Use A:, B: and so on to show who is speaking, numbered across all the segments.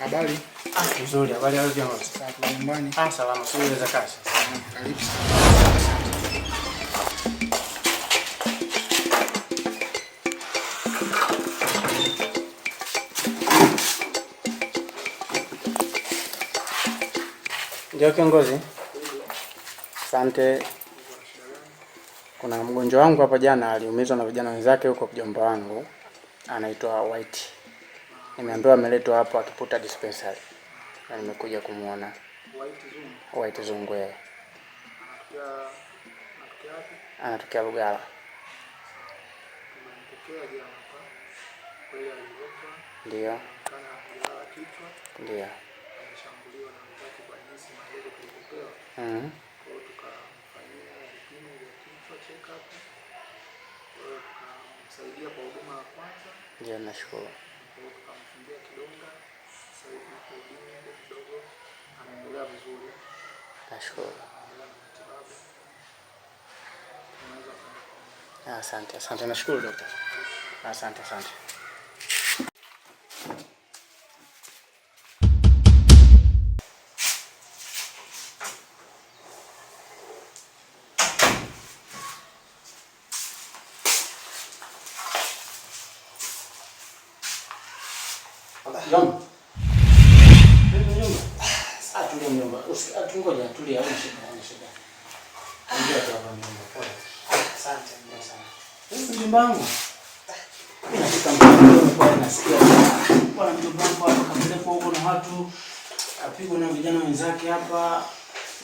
A: Habari.
B: Ah, nzuri. Habari yako jamaa? Sasa nyumbani. Ah, salama. Sio za kazi. Karibu. Ndio kiongozi. Asante. Kuna mgonjwa wangu hapa jana aliumizwa na vijana wenzake huko, mjomba wangu anaitwa White. Nimeambiwa ameletwa hapo Akiputa dispensary na nimekuja kumwona White Zungu. Yeye
A: eh.
B: anatokea Lugala. Ndio, ndio. Mm-hmm. Ndio, nashukuru.
A: Dunga sasa hivi muda kidogo anaendelea vizuri,
B: nashukuru. Asante, asante, nashukuru daktari, asante, asante.
A: Huyu huko na watu apigwa na vijana wenzake hapa.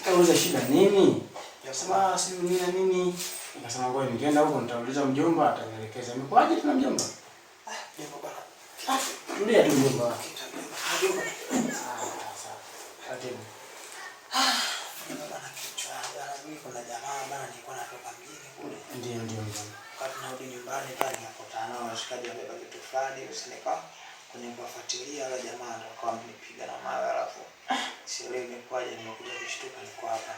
A: Kauliza shida nini? Nikasema ah, si nini na nini. Nikasema ngoja nikienda huko nitauliza mjomba atanielekeza. Imekwaje tuna mjomba? Tulia tu mjomba. Ah,
B: ah, ndio ndio mjomba fulani pale nakutana nao washikaji wamebeba kitu fulani, usinika kwenye kuwafuatilia wale jamaa ndo kwa mnipiga na mawe, alafu sielewi imekwaje, nimekuja kushtuka niko hapa.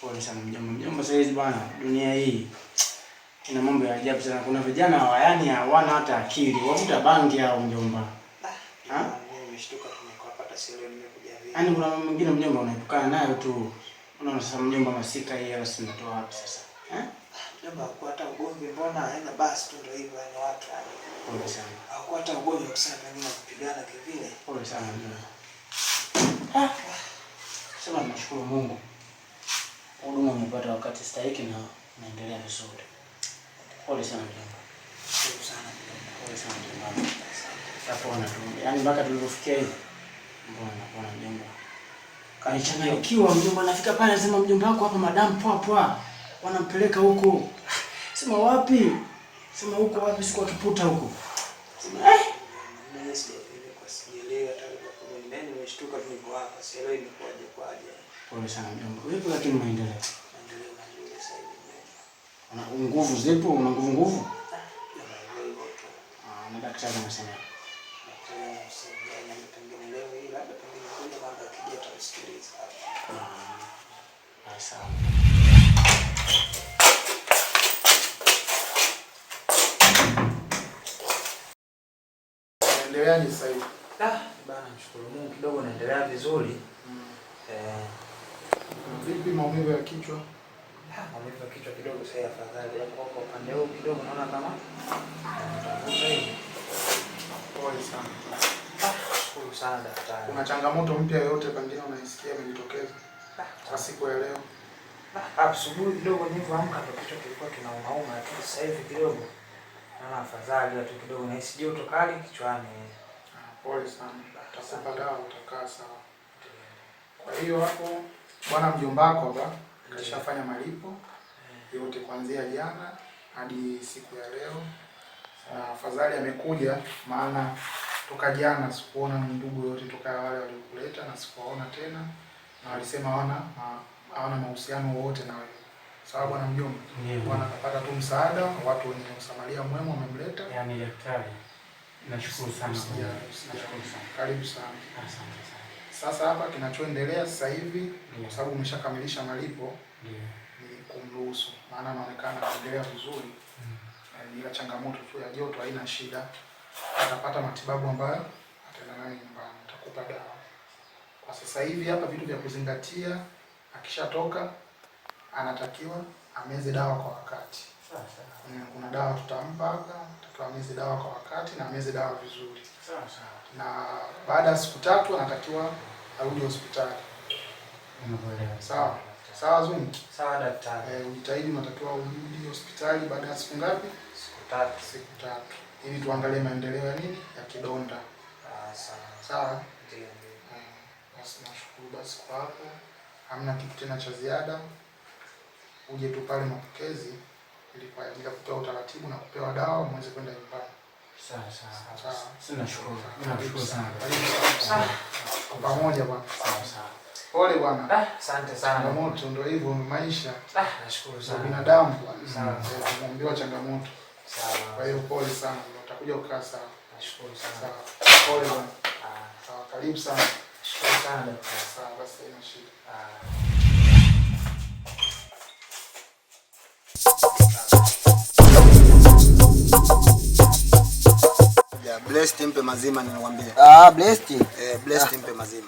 A: Kwa ni sana mjomba, mjomba hizi bwana, dunia hii ina mambo ya ajabu sana. Kuna vijana wa yani hawana hata akili, wavuta bangi hao mjomba. Ah,
B: nimeshtuka tu hapa, sielewi nimekuja vipi.
A: Yani kuna mwingine mjomba unaepukana nayo tu, unaona. Sasa mjomba, masika hii hela sinatoa wapi sasa eh?
B: Jomba hakuwa hata ugomvi, mbona aenda basi tu, ndio hivyo yani watu yani. Pole sana. Hakuwa hata ugomvi kusema pengine kupigana kivile. Pole sana. Ah. Sema nashukuru Mungu. Huduma umepata wakati stahiki na naendelea vizuri. Pole sana mjomba. Pole sana Pole sana mjomba. kwa tu. Yaani mpaka tulipofikia hivi. Mbona napona mjomba. Kanichanganyikiwa mjomba, nafika pale nasema mjomba wako hapa madam poa poa wanampeleka huko. Sema wapi? Sema huko wapi? Siku akiputa huko. Sema eh,
A: Pole sana mjomba. Vipi lakini maendeleo? nguvu zipo? Una nguvu nguvu?
B: Ah,
A: ah na daktari anasema. Yaani ah, sawa. gani sasa hivi?
B: Ah, bana mshukuru Mungu kidogo naendelea vizuri. Mm. Eh.
A: Vipi maumivu ya kichwa?
B: Ah, maumivu ya kichwa kidogo sasa afadhali. Hapo kwa upande huu kidogo naona kama Pole sana. Ah, shukuru sana daktari.
A: Kuna changamoto mpya yoyote pengine unaisikia imejitokeza ah. kwa siku ya leo?
B: Ah, Asubuhi kidogo nilivyoamka ndo kichwa kilikuwa kinaumauma, lakini sasa hivi kidogo naona afadhali, tu kidogo nahisi joto kali kichwani
A: pole sana, utasema dawa utakaa sawa. Kwa hiyo hapo bwana mjombako ba kashafanya malipo yote kuanzia jana hadi siku ya leo, na afadhali amekuja, maana toka jana sikuona ndugu yote toka wale waliokuleta na sikuwaona tena, na walisema hawana hawana mahusiano wote na wewe sawa, bwana mjomba. Bwana kapata tu msaada, watu wenye usamaria mwema wamemleta,
B: yani daktari Nashukuru sana.
A: Nashukuru sana. Karibu sana.
B: Asante sana.
A: Sasa hapa kinachoendelea sasa hivi kwa sababu umeshakamilisha malipo ni kumruhusu, maana anaonekana kuendelea vizuri, mm. ila changamoto tu ya joto haina shida, atapata matibabu ambayo ataenda nayo nyumbani, atakupa dawa. Kwa sasa hivi hapa vitu vya kuzingatia, akishatoka anatakiwa ameze dawa kwa wakati.
B: Eh,
A: kuna dawa tutampa, takiwa dawa kwa wakati na mezi dawa vizuri, na baada ya siku tatu anatakiwa arudi hospitali. Sawa sawa, Zungu.
B: Sawa daktari.
A: Eh, ujitahidi, unatakiwa urudi hospitali baada ya siku ngapi?
B: Siku tatu.
A: Siku tatu, ili tuangalie maendeleo ya nini ya kidonda. Ah, sawa.
B: Ndio. Eh,
A: basi nashukuru basi kwa hapo, hamna kitu tena cha ziada. Uje tu pale mapokezi ili kwa ajili ya kupewa utaratibu na kupewa dawa muweze kwenda nyumbani. Kwa pamoja Pole bwana. Ah, changamoto ndio hivyo maisha.
B: Ah, binadamu bwana.
A: Mm, eh, changamoto. Kwa hiyo pole sana. Utakuja kukaa sawa.
B: Nashukuru sana. Pole bwana. Ah.
A: sawa. Karibu sana.
B: Nashukuru sana
A: Sawa, basi shida.
B: Blessed mpe mazima ninakwambia.
A: Ah, Blessed?
B: Eh, Blessed mpe mazima.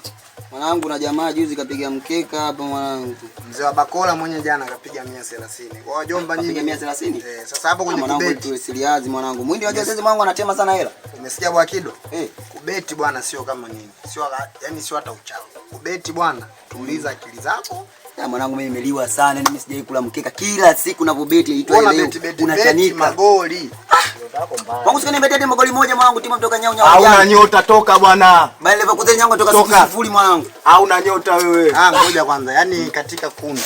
B: Mwanangu na jamaa juzi kapiga mkeka hapa mwanangu.
A: Mzee wa Bakola mwenye jana kapiga 130. Kwa wajomba
B: nyinyi. Kapiga 130?
A: Eh, sasa hapo kwenye ah,
B: mwanangu tu siliazi mwanangu. Mwindi wajua sasa mwanangu anatema sana hela.
A: Umesikia bwa Kido? Eh, kubeti bwana sio kama nini. Sio yani sio hata uchawi. Kubeti bwana, tuliza akili zako.
B: Ya mwanangu mimi nimeliwa sana, mimi sijai kula mkeka. Kila siku ninapobeti aitwa leo unachanika
A: magoli. Ah!
B: Mungu sikani mbetete magoli moja mwangu timu mtoka nyau nyau.
A: Hauna nyota toka bwana.
B: Maana level kuze nyao kutoka sifuri mwanangu.
A: Hauna nyota wewe.
B: Ah, ngoja kwanza. Yaani katika kundi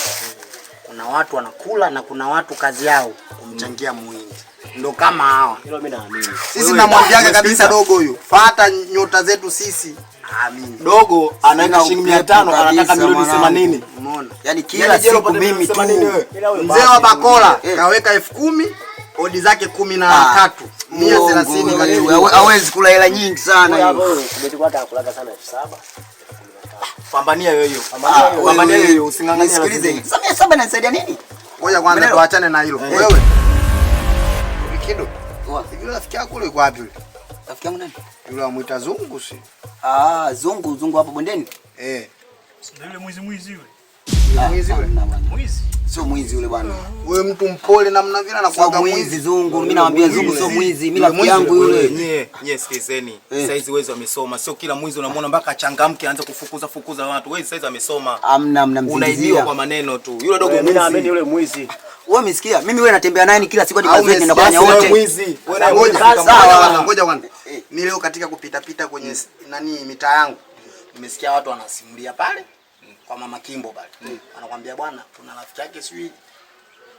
B: kuna watu wanakula na kuna watu kazi yao kumchangia muhindi. Ndio kama hawa. Hilo mimi naamini. Sisi namwambiaga kabisa dogo huyu. Fuata nyota zetu sisi.
A: Amin. Dogo anaweka shilingi 500 anataka milioni 80. Umeona?
B: Yaani, yaani kila siku mimi tu. Mzee wa Bakola eh. kaweka kumi odi zake kumi na ah, tatu mia thelathini hawezi kula hela nyingi sana pambania yoyo ah, pambania yoyo hiyo usingangania sikilize samia saba nasaidia nini
A: ngoja kwanza tuachane na hilo eh. wewe kido yule rafiki yako yule yuko wapi rafiki yangu nani yule amwita zungu si
B: ah zungu zungu hapo bondeni
A: eh ndio yule mwizi mwizi yule Mwizi Mwizi.
B: Sio mwizi yule bwana.
A: Wewe mtu mpole namna vile anakuwa kama mwizi
B: zungu. Mimi naambia zungu sio mwizi, mimi rafiki yangu yule.
A: Yeye, yeye sikizeni. Eh. Saizi wewe amesoma. Sio kila mwizi unamwona mpaka achangamke aanze kufukuza fukuza watu. Wewe saizi Amna
B: amna mnamzidi. Unaibiwa
A: kwa maneno tu. Yule dogo mimi naamini
B: yule mwizi. Wewe umesikia? Mimi wewe natembea naye kila siku hadi kazini na kufanya wote.
A: Mwizi. Wewe Ngoja kwanza.
B: Eh. Mimi leo katika kupita pita kwenye nani mitaa yangu. Nimesikia watu wanasimulia pale kwa mama Kimbo bali. mm. Anakuambia bwana, kuna rafiki yake sijui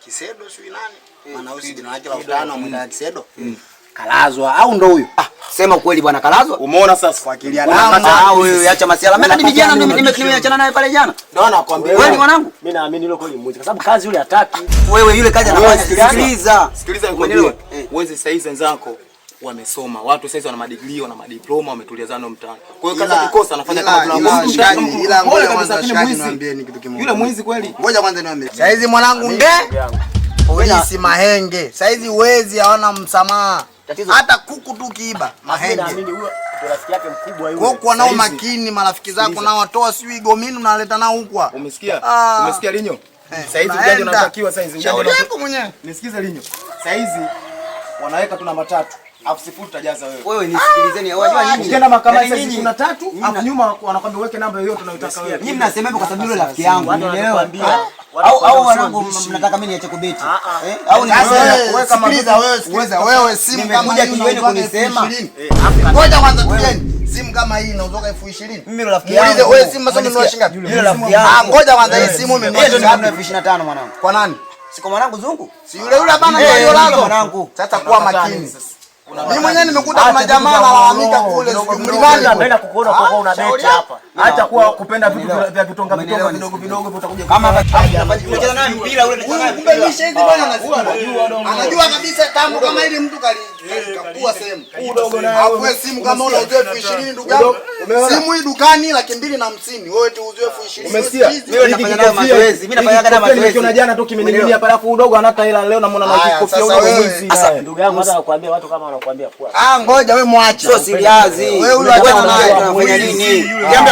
B: Kisedo sijui nani mm. maana huyu jina lake la utano mwenda mm. Kisedo mm. kalazwa au ndo huyo? Ah, sema kweli bwana, kalazwa.
A: Umeona sasa, fuatilia
B: na sasa, huyo, acha masiala. Mimi ni vijana, mimi achana naye pale jana,
A: ndio anakuambia.
B: wewe. Ni mwanangu, mimi naamini hilo kweli mmoja, kwa sababu kazi yule hataki wewe, yule kazi anafanya. Sikiliza,
A: sikiliza, uelewe sasa hizi wenzako wamesoma watu sasa wana madigrii wana madiploma wametulia zano mtaani. Kwa hiyo kaza kikosa anafanya kama
B: tunamshikaji, ila ngoja kwanza shikaji, niambie ni kitu kimoja. Yule mwizi kweli,
A: ngoja kwanza niambie
B: sasa hizi mwanangu nge polisi mahenge sasa hizi wezi hawana msamaha, hata kuku tu kiiba mahenge
A: rafiki yake mkubwa
B: yule. nao makini marafiki zako na watoa sijui gomini unaleta nao huko. Umesikia? Ah.
A: Umesikia Linyo? Eh, saizi hizi unatakiwa saizi
B: hizi yako mwenyewe.
A: Nisikize Linyo. Saizi wanaweka tuna matatu Alafu sifuri tutajaza wewe.
B: Wewe nisikilizeni. Ah, Unajua nini?
A: Ukienda mahakamani yaani sasa siku na tatu, alafu nyuma wanakwambia uweke namba yoyote unayotaka wewe.
B: Mimi nasema hivyo kwa sababu yule rafiki yangu, unielewa? Eh? Au au wanangu mnataka mimi niache kubeti? Ah, ah. Eh? Au ni
A: wewe kama wewe uweza eh, wewe
B: simu kama hii unaenda kunisema.
A: Ngoja kwanza tulieni. Simu kama hii inaondoka elfu ishirini.
B: Mimi rafiki yangu.
A: Wewe simu masomo ni shilingi ngapi?
B: Yule rafiki yangu.
A: Ah, ngoja kwanza eh, hii simu mimi ndo elfu
B: ishirini na tano mwanangu. Kwa nani? Siko mwanangu Zungu.
A: Si yule yule bana ndio yule Sasa kuwa makini.
B: Mimi mwenyewe nimekuta kuna jamaa analalamika kule mlimani,
A: anapenda kukuona kwa una beti hapa. Acha kuwa kupenda vitu vya vitonga vitonga vidogo vidogo vitakuja.
B: Kama tunacheza
A: naye mpira ule ni kumbe misha hizi bwana anajua. Ah, anajua kabisa tambo kama ile mtu kali eh, kapua sehemu. Udogo na Hapo simu kama una ujue 20 ndugu yangu. Simu hii dukani laki mbili na hamsini. Wewe tu ujue 20
B: ah, Umesikia? Mimi nafanya nayo mazoezi. Mimi nafanya nayo mazoezi.
A: Kuna jana tu kimenililia hapa alafu udogo anata hela leo namuona na kikofia ule mwizi.
B: Sasa ndugu yangu hata nakwambia watu kama wanakuambia kwa. Ah, ngoja wewe muache. Sio siliazi.
A: Wewe ule acha naye nini? Jambo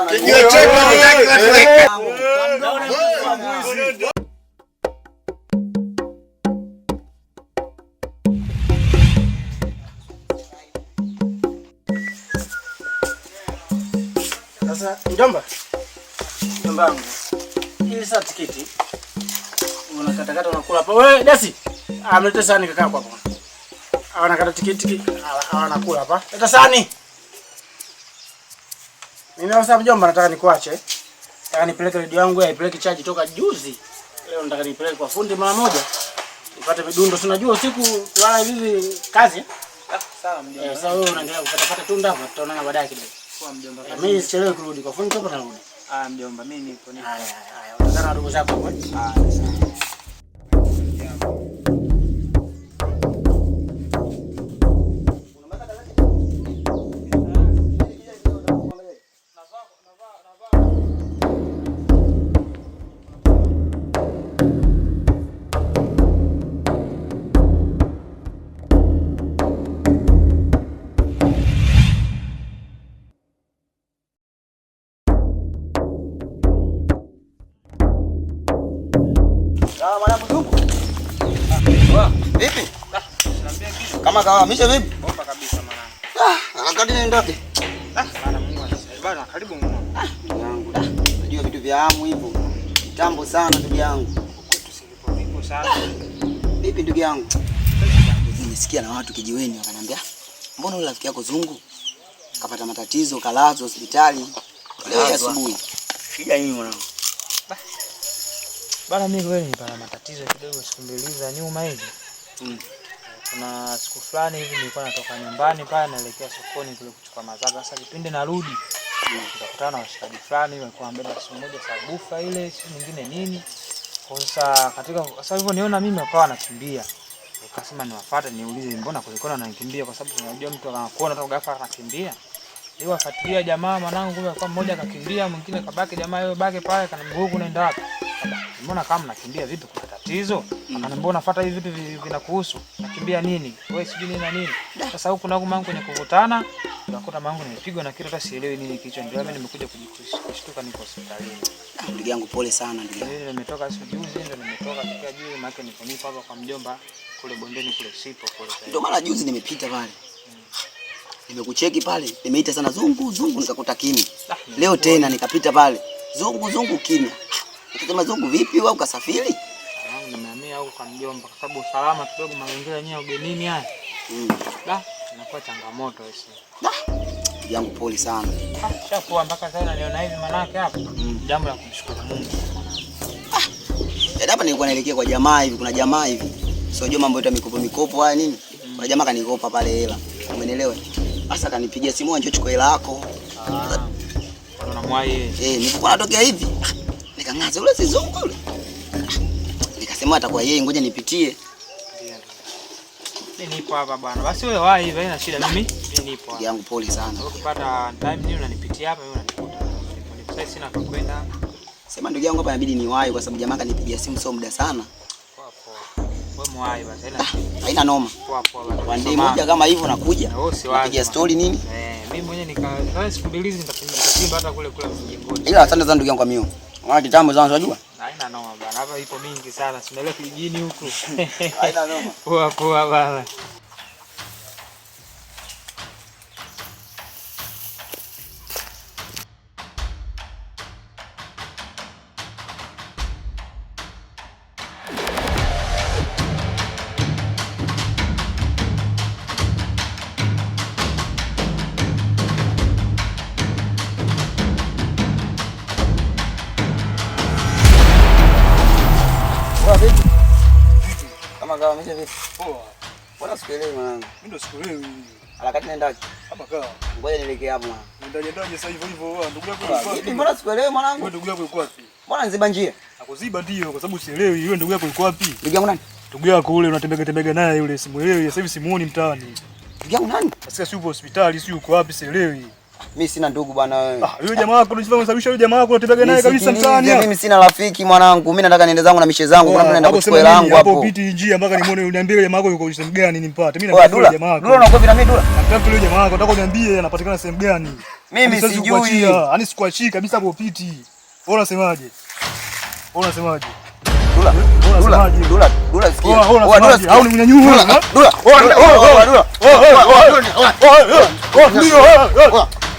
A: Sasa
B: mjomba, mjomba wangu, hili sasa tikiti unakatakata unakula hapa. Wewe dasi amlete sani kaka hapo hapo, anakata tikiti anakula hapa, leta sani mimi Ninawasa mjomba, nataka nikuache. Nataka nipeleke redio yangu aipeleke chaji toka juzi. Leo nataka nipeleke kwa fundi mara moja. Nipate vidundo, si unajua usiku kulala hivi kazi. Eh? Ah, sawa mjomba. Eh, sawa wewe unaendelea kupata pata tunda hapo, tutaonana baadaye kidogo. Kwa mjomba. Eh, mimi sichelewi kurudi kwa fundi hapo narudi. Ah mjomba, mimi niko nipo. Haya haya. Unataka ndugu zako hapo? Eh? Ah. Umenifahamisha vipi?
A: Bomba kabisa mwanangu.
B: Ah, harakati niendoke.
A: Ah, bana Mungu anisaidie. Bana karibu Mungu. Ah, yangu.
B: Unajua vitu vya amu hivyo. Kitambo sana ndugu yangu.
A: Kwetu silipo vipo sana.
B: Vipi ndugu yangu? Nimesikia na watu kijiweni wakaniambia, "Mbona yule rafiki yako Zungu kapata matatizo, kalazwa hospitali leo asubuhi." Shida nini mwanangu?
A: Bana mimi kweli nipata matatizo kidogo siku mbili za nyuma hivi. Mm kuna siku fulani hivi nilikuwa natoka nyumbani pale naelekea sokoni kule kuchukua mazao. Sasa kipindi narudi nikakutana na washikaji fulani walikuwa wamebeba simu moja sabufa ile si nyingine nini. Kwa Sasa katika sasa hivyo niona mimi akawa nakimbia. Nikasema niwafuate niulize mbona kulikuwa na nakimbia kwa sababu tunajua mtu anakuona tu ghafla anakimbia. Leo afuatilia jamaa mwanangu, kumbe alikuwa mmoja akakimbia, mwingine kabaki, jamaa yeye baki pale, kana mguu unaenda wapi? mbona kama mnakimbia vipi? Kuna tatizo? Mhm. Mbona unafuata hivi vitu vinakuhusu. Nakimbia nini wewe, sijui nini na nini. Sasa huku na mangu kwenye kukutana, nakuta mangu nimepigwa na kitu hata sielewi nini kichwa, ndio mimi nimekuja kujikushtuka, niko hospitalini.
B: Ah, ndugu yangu pole sana, ndugu
A: yangu, nimetoka sijuzi, ndio nimetoka tokea juzi, maana niko nipo hapa kwa mjomba kule bondeni kule, sipo kule,
B: ndio mara juzi nimepita pale mm. nimekucheki pale, nimeita sana zungu zungu, nikakuta kimya. Ah, Leo tena nikapita pale zungu zungu, kimya Utasema zungu vipi wewe ukasafiri?
A: Nimehamia huko kwa mjomba kwa sababu usalama kidogo, mazingira yenyewe ugenini haya. Mm. Da, inakuwa changamoto hizo.
B: Da. Yangu pole sana.
A: Ah, kwa mpaka sasa naliona hivi manake hapo. Mm. Jambo la kumshukuru Mungu.
B: Ah. Yaani hapa nilikuwa naelekea kwa jamaa hivi, kuna jamaa hivi. Sio jua mambo yote ya mikopo mikopo haya nini? Mm. Kuna jamaa kanikopa pale hela. Umeelewa? Sasa kanipigia simu, anjochukua hela yako. Ah.
A: Unamwai. Eh,
B: nilikuwa natokea hivi. Ah. Nikang'aza ule sizungu ule. Ah, nikasema atakuwa yeye, ngoja nipitie.
A: Mimi nipo hapa bwana. Basi wewe wahi hivi, haina shida mimi. Mimi nipo
B: hapa. Yangu pole sana.
A: Ukipata time ndio unanipitia hapa, mimi unanikuta. Nipo sasa sina kwa kwenda.
B: Sema ndugu yangu hapa inabidi niwahi kwa sababu jamaa kanipigia simu sio muda sana. Poa
A: poa. Wewe muwahi basi.
B: Ah, haina noma. Poa poa bwana. Kwa ndio moja kama hivyo nakuja. Napiga story nini? Eh,
A: mimi mwenyewe nika siku mbili hizi nitatimba hata kule kule
B: mjingoni. Ila asante sana ndugu yangu kwa mio. Maana kitambo sana unajua?
A: Haina noma bana. Hapa ipo mingi sana. Simelewa kijijini huku. Haina noma. Poa poa bana. Sielewi mwanangu. Mimi ndo sikuelewi.
B: Harakati naendaje? Hapa kaa. Ngoja nielekee hapo
A: mwanangu. sasa hivyo hivyo. Ah, ndugu yako yuko
B: wapi? Mbona sikuelewi mwanangu? Wewe
A: ndugu yako yuko wapi?
B: Mbona njia?
A: Nakuziba ndio kwa sababu sielewi. ndugu yako yuko wapi? Ndugu yangu nani? Ndugu yako ule naye yule simuelewi. Sasa hivi simuoni mtaani. Ndugu yangu nani? Sasa si yupo hospitali, si yuko wapi sielewi.
B: Mimi sina ndugu bwana wewe. Ah,
A: yule jamaa wako unajifanya unasababisha yule jamaa wako unatembea naye kabisa mtaani.
B: Mimi sina rafiki mwanangu. Mimi nataka niende zangu na mishe zangu. Kuna mtu anaenda kuchukua hela yangu
A: hapo. Hapo piti njia mpaka nimuone uniambie yule jamaa wako yuko sehemu gani nimpate.
B: Mimi na yule jamaa wako. Dula unakuwa vina mimi dula.
A: Nataka yule jamaa wako nataka uniambie anapatikana sehemu gani.
B: Mimi sijui. Yaani
A: sikuachi kabisa hapo piti. Wewe unasemaje? Wewe unasemaje?
B: Dula. Dula. Dula. Dula sikia.
A: Wewe dula. Au ni mnyanyua.
B: Dula. Dula. Dula. Dula.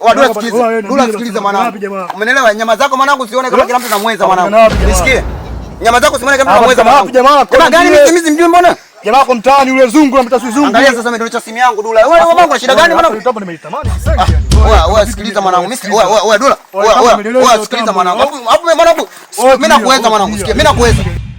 B: Dula, sikiliza mwanangu. Umeelewa? Yaani nyama zako mwanangu sione kama kila mtu anamweza mwanangu. Nisikie. Nyama zako sione kama unamweza mwanangu. Jamaa gani mimi mjumbe mbona?
A: Jamaa wako mtaani yule zungu anamta si zungu.
B: Angalia sasa umedondosha simu yangu Dula. Wewe mwanangu shida gani mwanangu? Nitapo nimeitamani Wewe ah, wewe sikiliza mwanangu. Mimi wewe wewe Dula. Wewe wewe sikiliza mwanangu. Hapo mwanangu. Mimi nakuweza mwanangu. Sikia. Mimi nakuweza.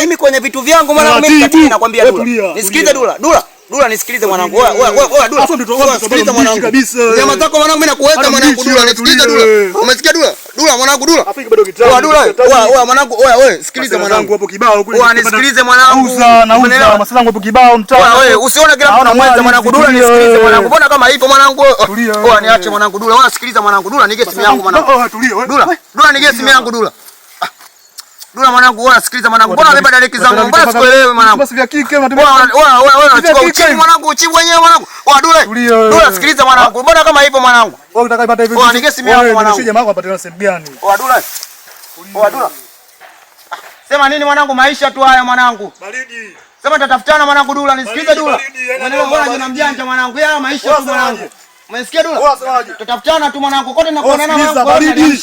B: mimi kwenye vitu vyangu mwanangu, mimi katili, nakwambia Dula, nisikilize Dula, Dula Dula nisikilize mwanangu. Wewe wewe wewe Dula. Hapo ndio tunasikiliza mwanangu kabisa. Nyama zako mwanangu mimi nakuweka mwanangu Dula. Nisikilize Dula. Umesikia Dula? Dula mwanangu Dula. Afiki bado kitabu. Wewe Dula. Wewe mwanangu wewe wewe sikiliza mwanangu. Hapo kibao huko. Wewe nisikilize mwanangu. Uza
A: na uza. masala yangu hapo kibao
B: mtaa. Wewe usiona kila mtu anamweza mwanangu Dula nisikilize mwanangu. Mbona kama hivyo mwanangu? Wewe niache mwanangu Dula. Wewe sikiliza mwanangu Dula nige simu yangu mwanangu. Dula. Dula nige simu yangu Dula. Dula mwanangu, wewe sikiliza mwanangu. Mbona unanipa dalili zangu? Mbona sikuelewi mwanangu? Basi vya kike unatumia. Wewe wewe unachukua uchivu mwanangu, uchi wenyewe mwanangu. Wewe Dula. Dula sikiliza mwanangu. Mbona kama hivyo mwanangu? Wewe unataka ipata hivi. Wewe nigesi mimi hapo
A: mwanangu. Shija mako apate na sehemu gani?
B: Wewe Dula. Wewe Dula. Ah, sema nini mwanangu, maisha tu haya mwanangu. Baridi. Sema tatafutana mwanangu Dula, nisikilize Dula. Mbona jina mjanja mwanangu? Ya maisha tu mwanangu. Umesikia Dula? tutatafutana tu mwanangu. Kote na nakuonana mwanangu. Baridi.